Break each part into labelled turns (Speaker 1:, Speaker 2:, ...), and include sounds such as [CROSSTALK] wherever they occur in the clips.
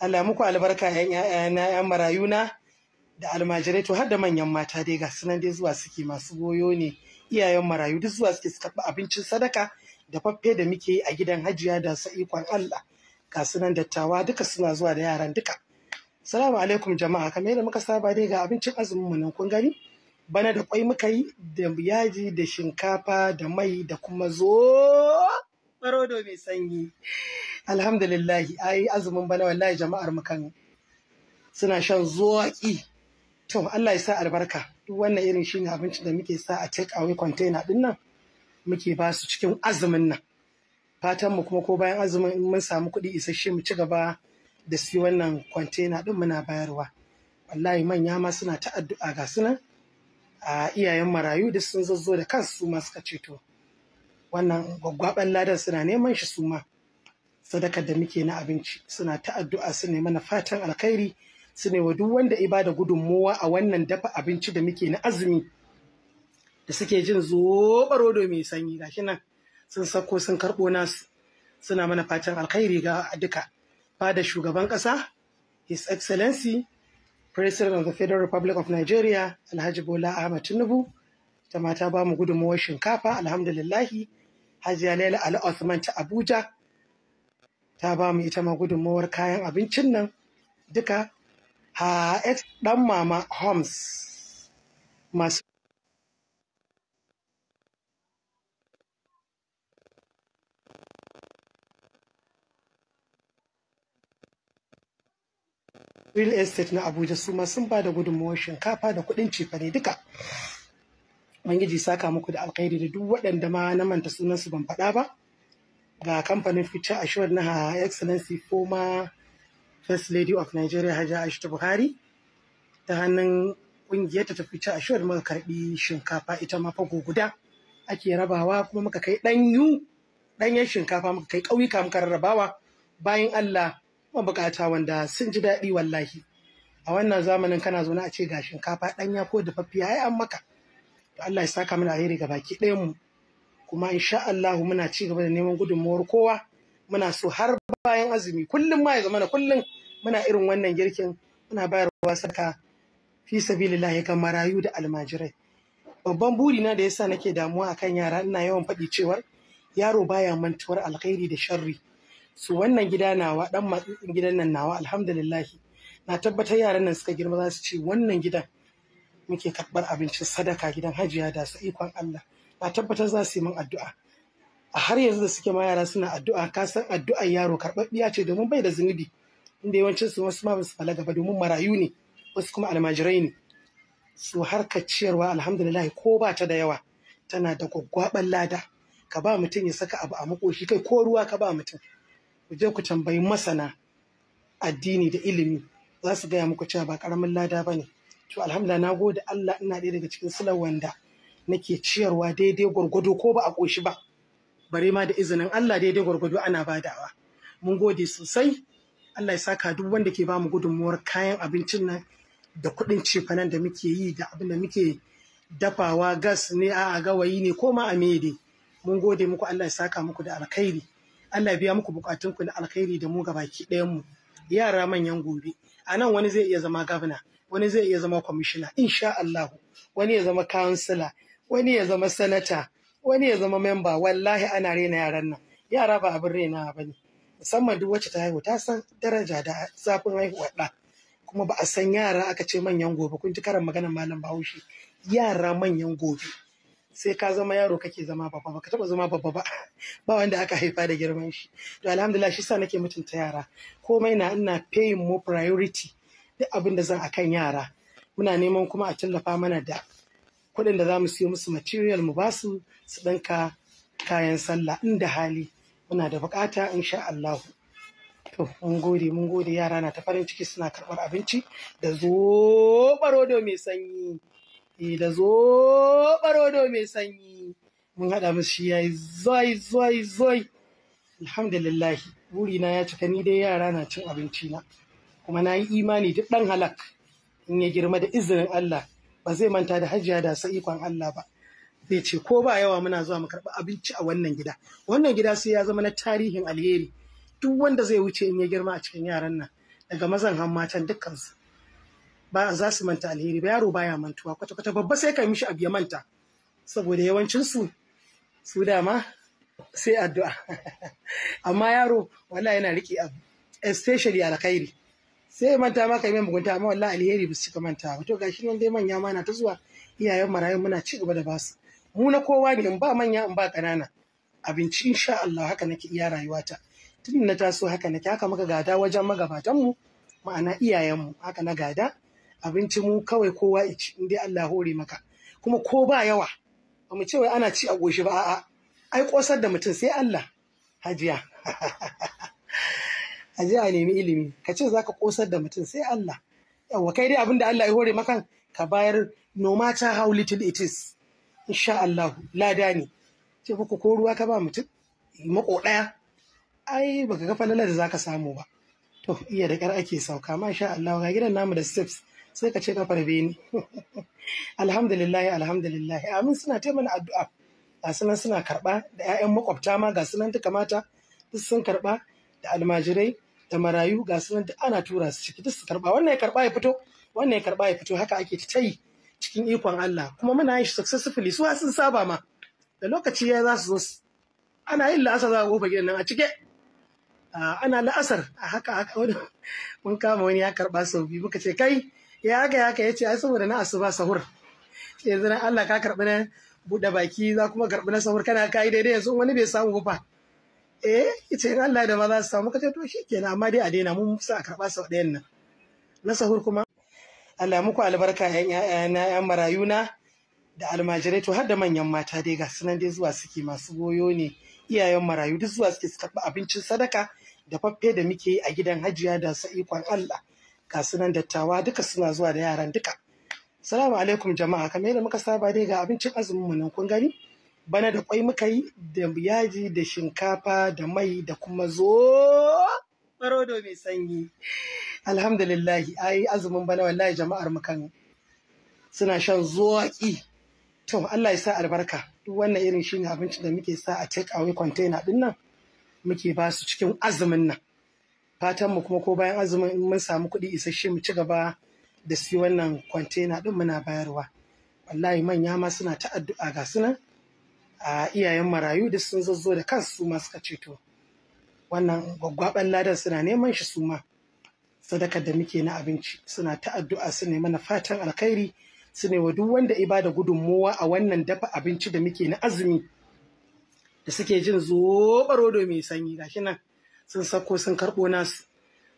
Speaker 1: Allah muku albarka yan yan marayuna da almajirai to har da manyan mata dai ga sunan dai zuwa suke masu goyo ne iyayen marayu duk zuwa suke su karɓi abincin sadaka da faffe da muke a gidan hajiya da su ikon Allah ga sunan dattawa duka suna zuwa da yaran duka salamu alaikum jama'a kamar yadda muka saba dai ga abincin azumin mu nan kun gani bana da kwai muka yi da yaji da shinkafa da mai da kuma zo barodo mai sanyi alhamdulillahi Ayi azumin bana wallahi jama'ar mu kan suna shan zuwaki to Allah ya sa albarka duk wannan irin shi ne abincin da muke sa a take away container din nan muke ba su cikin azumin nan fatan mu kuma ko bayan azumin in mun samu kuɗi isasshe mu ci gaba da su wannan container din muna bayarwa wallahi manya ma suna ta addu'a ga sunan a iyayen marayu duk sun zazzo da kansu ma suka to wannan gwaggwaban ladan suna neman shi su ma sadakar da muke na abinci suna ta addu'a su ne mana fatan alkhairi su ne wa duk wanda ibada gudunmowa a wannan dafa abinci da muke na azumi da suke jin zobaro da mai sanyi gashi nan sun sako sun karɓo nasu suna mana fatan alkhairi ga duka fada shugaban ƙasa his excellency president of the federal republic of nigeria alhaji bola ahmad tinubu ta mata ba mu gudunmowar shinkafa alhamdulillahi hajiya laila al-othman ta abuja ta ba mu ita ma gudunmawar kayan abincin nan duka ha ɗan mama homes masu real estate na abuja su ma sun ba da gudunmawar shinkafa da kuɗin cefane duka ubangiji saka muku da alkhairi da duk waɗanda ma na manta sunansu ban faɗa ba ga kamfanin Future Assured na Her Excellency former First Lady of Nigeria Hajiya Aisha Buhari ta hannun kungiyar ta a Assured muka karbi shinkafa ita ma fago guda ake rabawa kuma muka kai danyu danyen shinkafa muka kai kauyuka muka rarrabawa bayan Allah mabukata wanda sun ji daɗi wallahi a wannan zamanin kana zaune a ce ga shinkafa ɗanya ko dafaffiya ya an maka Allah ya saka mana alheri ga baki ɗayan mu kuma insha Allah muna ci gaba da neman gudunmuwar kowa muna so har bayan azumi kullum ma ya zama kullum muna irin wannan girkin muna bayar wa saka fi sabilillah ga marayu da almajirai babban buri na da yasa nake damuwa akan yara ina yawan faɗi cewa yaro baya mantuwar alkhairi da sharri su wannan gida nawa dan matsin gidan nan nawa alhamdulillah na tabbatar yaran nan suka girma za su ci wannan gidan muke karɓar abincin sadaka gidan hajiya da su ikon Allah a tabbatar za su yi min addu'a a har yanzu da suke ma yara suna addu'a ka san addu'ar yaro karɓaɓɓiya ce domin bai da zunubi inda yawancin su wasu ma ba su balaga ba domin marayu ne wasu kuma almajirai ne su harkar ciyarwa alhamdulillah ko ba ta da yawa tana da gwaggwaɓar lada ka ba mutum ya saka abu a makoshi kai ko ruwa ka ba mutum ku je ku tambayi masana addini da ilimi za su gaya muku cewa ba karamin lada ba ne to alhamdulillah na gode Allah ina ɗaya daga cikin silar wanda nake ciyarwa daidai gwargwado ko ba a ƙoshi ba bare ma da izinin Allah daidai gwargwado ana badawa mun gode sosai Allah ya saka duk wanda ke bamu gudunmuwar kayan abincin nan da kuɗin cefanen da muke yi da abin da muke dafawa gas ne a gawayi ne ko ma a mede mun gode muku Allah ya saka muku da alkhairi Allah ya biya muku bukatun ku na alkhairi da mu gabaki ɗayan mu yara manyan gobe a nan wani zai iya zama gavana wani zai iya zama kwamishina insha Allah wani ya zama kansila wani ya zama sanata wani ya zama memba wallahi ana rena yaran nan yara ba abin rena ba ne musamman duk wacce ta haihu ta san daraja da zafin haihuwar ɗa kuma ba a san yara aka ce manyan gobe kun ji karan maganar malam bahaushe yara manyan gobe sai ka zama yaro kake zama babba ba ka taba zama babba ba [LAUGHS] ba wanda aka haifa da girman shi to alhamdulillah shi sa nake mutunta yara komai na ina paying more priority duk abin da zan akan yara muna neman kuma a tallafa mana da kuɗin da za mu siyo musu material mu basu su ɗinka kayan sallah inda hali muna da buƙata sha Allah to mun gode mun gode yara na ta farin ciki suna karɓar abinci da zoɓarodo mai sanyi eh, da zoɓarodo mai sanyi mun haɗa musu shi yayi zoi zoi zoi alhamdulillah na ya cika ni dai yara na cin abinci na kuma na yi imani duk ɗan halak in ya girma da izinin Allah ba zai manta da hajiya da sa ikon Allah ba zai ce ko ba yawa muna zuwa mu karɓi abinci a wannan gida wannan gida sai ya zama na tarihin alheri duk wanda zai wuce in ya girma a cikin yaran nan daga mazan har matan dukkansu ba za su manta alheri ba yaro baya mantuwa kwata kwata babba sai ka mishi abu ya manta saboda yawancin su su dama sai addu'a [LAUGHS] amma yaro wallahi yana rike abu especially alkhairi sai manta maka mai mugunta amma wallahi alheri ba su cika manta to gashi nan dai manya na ta zuwa iyayen marayun muna ci gaba da basu mu na kowa ne in ba manya in ba kanana abinci insha Allah haka nake iya rayuwata tun na taso haka nake haka muka gada wajen magabatan mu ma'ana iyayen mu haka na gada abinci mu kawai kowa ya in dai Allah hore maka kuma ko ba yawa ba mu ce wai ana ci a goshi ba a'a ai kosar da mutum sai Allah hajiya [LAUGHS] a je a nemi ilimi ka ce za ka kosar da mutum sai Allah yawa kai dai abinda Allah ya hore maka ka bayar no matter how little it is insha Allah lada ne ce ku ko ruwa ka ba mutum mako daya ai baka ga falala da zaka samu ba to iya da kar ake sauka ma insha Allah ga gidan namu da steps sai ka ce ka farbe ni. [LAUGHS] alhamdulillah alhamdulillah amin suna ta mana addu'a ga sunan suna karba da ƴaƴan makwabta ma ga sunan ta kamata duk sun karba da almajirai da marayu ga su da ana tura su ciki duk su karba wannan ya karba ya fito wannan ya karba ya fito haka ake ta yi cikin ikon Allah kuma muna yin shi successfully su sun saba ma da lokaci ya za su zo ana yin la'asar za a gofa gidan nan a cike ana la'asar a haka haka wani mun kama wani ya karba sau biyu muka ce kai ya haka ya ya ce ai saboda na asuba sahur yanzu na Allah ka karbi na buɗe baki za kuma karbi na sahur kana kai daidai yanzu wani bai samu ba eh ita in Allah da ma za su samu kace to kenan amma dai a daina mun sa a karɓa sau ɗayan nan na sahur kuma Allah muku albarka yan ƴaƴana ƴan marayuna da almajirai to har da manyan mata dai ga sunan dai zuwa suke masu goyo ne iyayen marayu duk zuwa suke su karɓi abincin sadaka da faffe da muke yi a gidan hajiya da sa ikon Allah ga sunan dattawa duka suna zuwa da yaran duka salamu alaikum jama'a kamar yadda muka saba dai ga abincin azumin mu nan kun gani bana da kwai muka yi da yaji da shinkafa da mai da kuma zo barodo mai sanyi alhamdulillahi ai azumin bana wallahi jama'ar mu kan suna shan zoki to Allah ya sa albarka duk wannan irin shine abincin da muke sa a take away container din nan muke ba su cikin azumin nan fatan mu kuma ko bayan azumin in mun samu kuɗi isasshe mu ci gaba da su wannan container din muna bayarwa wallahi manya ma suna ta addu'a ga sunan a iyayen marayu da sun zazzo da kansu su ma suka ceto wannan gwaggwaban ladan suna neman shi suma. ma sadakar da muke na abinci suna ta addu'a su ne mana fatan alkhairi su ne wa duk wanda da gudunmowa a wannan dafa abinci da muke na azumi da suke jin zobaro da mai sanyi gashi nan sun sako sun karɓo nasu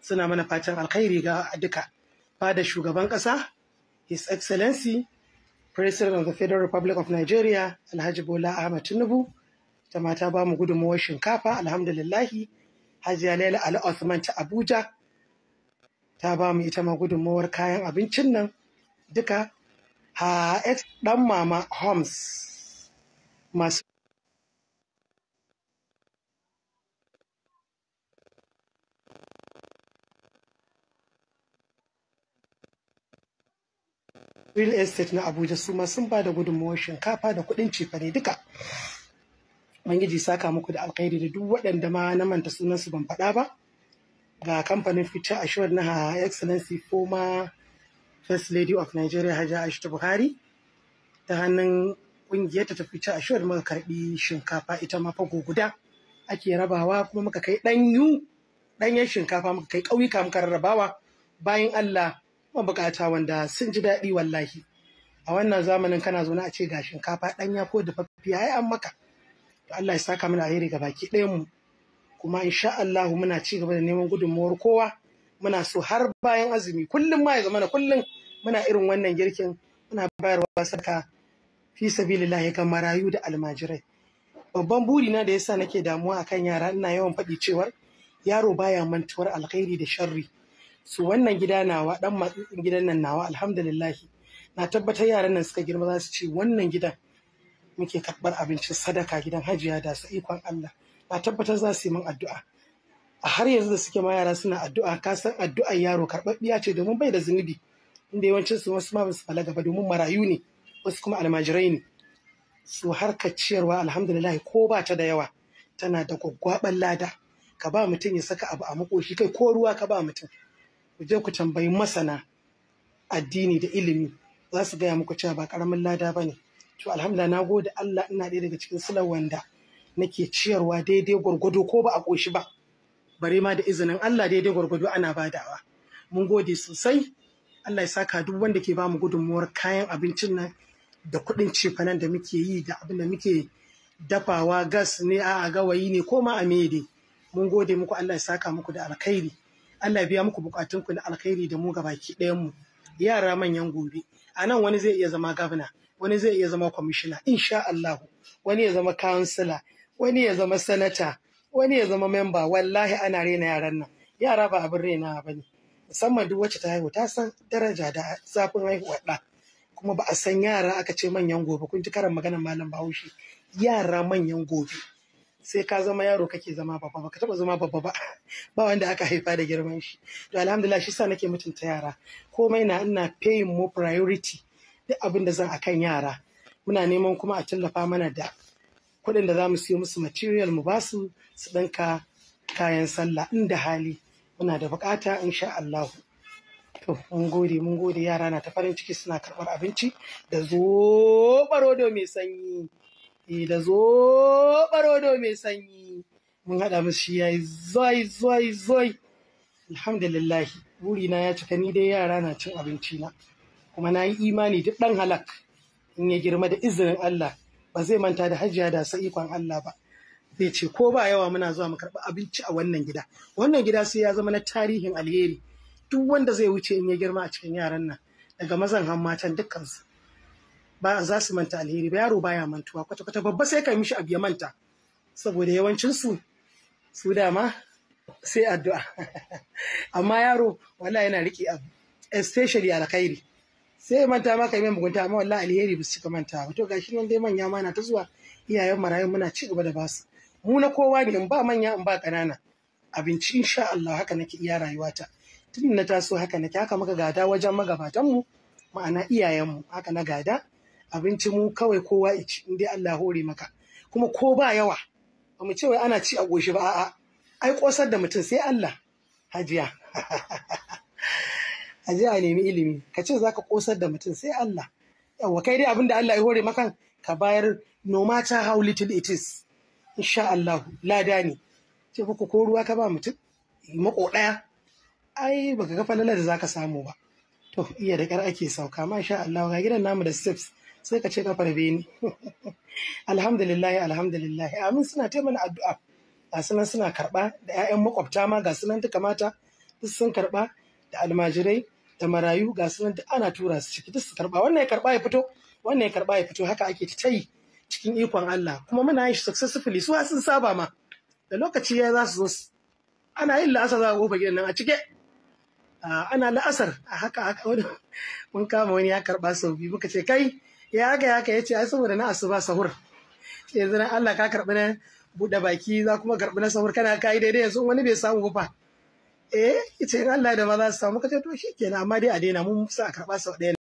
Speaker 1: suna mana fatan alkhairi ga duka fada shugaban ƙasa his excellency President of the Federal Republic of Nigeria, Alhaji Bola Ahmed Tinubu, ta mata ba mu gudunmawar shinkafa alhamdulillahi, Hajiya Laila Ali Osman ta Abuja, ta ba mu ita ma gudummawar kayan abincin nan duka ha ɗan mama Homs masu real estate na abuja su ma sun ba da gudunmawar shinkafa da kuɗin cefane duka bangiji saka muku da alkhairi da duk waɗanda ma na manta sunansu ban faɗa ba ga kamfanin future assured na excellency former first lady of nigeria hajji aisha buhari ta hannun ƙungiyarta ta future assured muka karɓi shinkafa ita ma fago guda ake rabawa kuma muka kai ɗanyu ɗanyen shinkafa muka kai ƙauyuka muka rarrabawa bayan allah mabukata wanda sun ji daɗi wallahi a wannan zamanin kana zaune a ce ga shinkafa ɗanya ko fafiya ya an maka to Allah ya saka mana alheri ga baki ɗayan mu kuma insha Allah muna ci gaba da neman gudunmuwar kowa muna so har bayan azumi kullum ma ya zama kullum muna irin wannan girkin muna bayarwa saka fi sabilillah ga marayu da almajirai babban buri na da yasa nake damuwa akan yara ina yawan faɗi cewar yaro baya mantuwar alkhairi da sharri su wannan gida nawa dan gidan nan nawa alhamdulillahi na tabbatar yaran nan suka girma za su ce wannan gidan muke karbar abincin sadaka gidan hajiya da su ikon Allah na tabbatar za su yi min addu'a a har yanzu da suke ma yara suna addu'a ka san addu'ar yaro biya ce domin bai da zunubi inda yawancin su wasu ma basu balaga ba domin marayu ne wasu kuma almajirai ne su harkar ciyarwa alhamdulillah ko ba ta da yawa tana da gwaggwaɓar lada ka ba mutum ya saka abu a makoshi kai ko ruwa ka ba mutum ku je ku tambayi masana addini da ilimi za su gaya muku cewa ba karamin lada ba ne to alhamdulillah na gode Allah ina ɗaya daga cikin sulan wanda nake ciyarwa daidai gwargwado ko ba a ƙoshi ba bare ma da izinin Allah daidai gwargwado ana badawa mun gode sosai Allah ya saka duk wanda ke bamu gudunmuwar kayan abincin nan da kuɗin cefanen da muke yi da abin da muke dafawa gas ne a gawayi ne ko ma a mede mun gode muku Allah ya saka muku da alkhairi Allah biya muku bukatun ku na alkhairi da mu baki ɗayan mu yara manyan gobe a nan wani zai iya zama gavana wani zai iya zama kwamishina insha Allah wani ya zama kansila wani ya zama sanata wani ya zama memba wallahi ana rena yaran nan yara ba abin rena ba ne musamman duk wacce ta haihu ta san daraja da zafin haihuwar ɗa kuma ba a san yara aka ce manyan gobe kun ji karan maganar malam bahaushe yara manyan gobe sai ka zama yaro kake zama babba ba ka taba zama babba ba [LAUGHS] ba wanda aka haifa da girman shi to alhamdulillah shi sa nake mutunta yara komai na ina paying more priority duk abin da zan akan yara muna neman kuma a tallafa mana da kuɗin da zamu siyo musu material mu basu su danka kayan sallah inda hali muna da bukata insha Allah to mun gode mun gode yara na ta farin ciki suna karɓar abinci da zo da mai sanyi E da zoɓarodo mai sanyi mun haɗa musu shi yayi zoi zoi zoi alhamdulillahi na ya cika ni dai yara na cin abinci na kuma na yi imani duk ɗan halak in ya girma da izinin Allah ba zai manta da hajiya da sa ikon Allah ba zai ce ko ba yawa muna zuwa mu karɓi abinci a wannan gida wannan gida sai ya zama na tarihin alheri duk wanda zai wuce in ya girma a cikin yaran nan daga mazan har matan dukkansu ba za su manta alheri ba yaro baya mantuwa kwata kwata babba sai ka mishi abu ya manta saboda yawancin su su dama sai addu'a [LAUGHS] amma yaro wallahi yana rike abu especially alkhairi sai manta maka yi mugunta amma wallahi alheri ba su cika manta ba to gashi nan dai manya ma na ta zuwa iyayen marayun muna ci gaba da basu mu na kowa ne in ba manya in ba kanana abinci insha Allah haka nake iya rayuwata tun na taso haka nake haka muka gada wajen magabatanmu ma'ana iyayenmu haka na gada abinci mu kawai kowa ici in dai Allah hore maka kuma ko ba yawa ba mu ce wai ana ci a goshi ba a'a ai kosar da mutum sai Allah hajiya [LAUGHS] hajiya nemi ilimi ka ce zaka kosar da mutum sai Allah yawa kai dai abin da Allah ya hore maka ka bayar no matter how little it is insha Allah lada ne ce ko ruwa ka ba mutum mako daya ai baka ga falalar da zaka samu ba to iya da kar ake sauka masha Allah ga gidan namu da steps sai ka ce na farbe ni Alhamdulillahi, [LAUGHS] Alhamdulillahi. amin suna taimana addu'a ga sunan suna karɓa da 'ya'yan makwabta ma ga sunan duka mata duk sun karɓa da almajirai da marayu ga sunan duk ana tura su ciki duk su karɓa wannan ya karɓa ya fito wannan ya karɓa ya fito haka ake ta yi cikin ikon Allah kuma muna yin shi successfully su sun saba ma da lokaci ya za su zo ana yin la'asar za a gofa gidan nan a cike ah, ana la'asar a haka haka wani [LAUGHS] mun kama wani ya karɓa sau biyu muka ce kai ya haka ya haka ya ce ai saboda na asuba sahur sai yanzu Allah ka karbi na buɗe baki za kuma karbi na sahur kana kai daidai yanzu wani bai samu ba eh ita in Allah da ba za su samu kace to shikenan amma dai a daina mun sa karba sau ɗaya